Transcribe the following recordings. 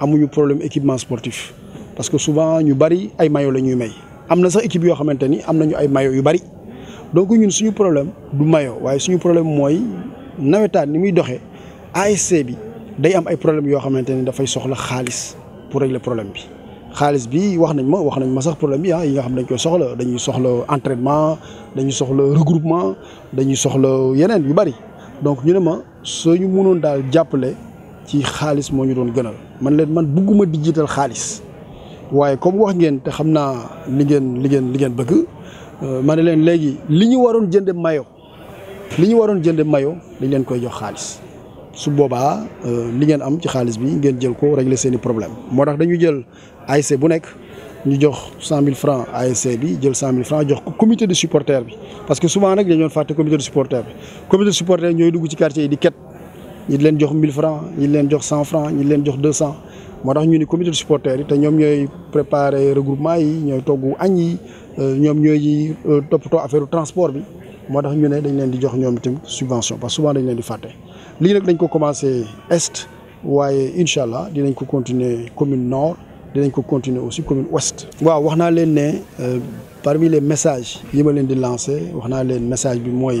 amuñu problème équipement sportif parce que souvent ñu bari ay maillot la ñuy may amna sax équipe yo xamanteni amna ñu ay maillot yu bari donc ñun suñu problème du maillot waye suñu problème moy nawetaan ni muy doxé ASC bi day am ay problème yo xamanteni da fay soxla xaalis pour régler problème bi xaalis bi wax nañ ma wax nañ ma sax problème bi ha ah, yi nga xam dañ koy soxla dañuy soxla entraînement dañuy soxla regroupement dañuy soxla yenen yu bari donc ñu ne ma soo mënon dal daal ci xaalis moo ñu doon gënal man leen man bugguma di jiital xaalis waaye comme wax ngeen te xam naa li ngeen li ngeen li ngeen bëgg euh, ma ne leen léegi li ñu waroon jënde mayo li ñu waroon jënde mayo dañ leen koy jox xaalis su boobaa euh, li ngeen am ci xaalis bi ngeen jël ko régler seen i problème moo tax dañu jël ASC bu nekk ñu jox cent mille francs ASC bi jël cent mille francs jox ko comité supporter bi parce que souvent nag dañu doon fàtte comité supporter bi ci quartier yi di ket ñi leur leen jox 1000 francs ñi leur leen jox 100 francs ñi leur leen jox 200 Moi tax ñu ni comité de supporters ils ont ñoom ñooy regroupement yi ñooy togg añ yi euh, ñoom ñooy faire euh, affaire transport bi moo tax ñu ne dañ leen di jox subvention parce que souvent dañ leen di fàtte lii nag dañ ko commencé est waaye Inshallah, dinañ continuer commune nord dinañ ko continuer aussi commune ouest. Wa, wax naa leen euh, parmi les messages yi ma lancés, di lancer wax naa leen message bi mooy.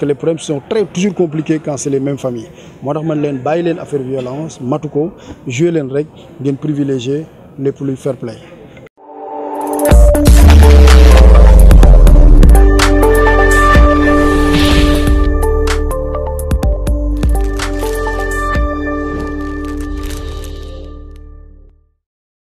que les problèmes sont très toujours compliqués quand c'est les mêmes familles Moi, je man leen faire de affaire violence matuko, je joué leen rek privilégier, privilégié les plus faire play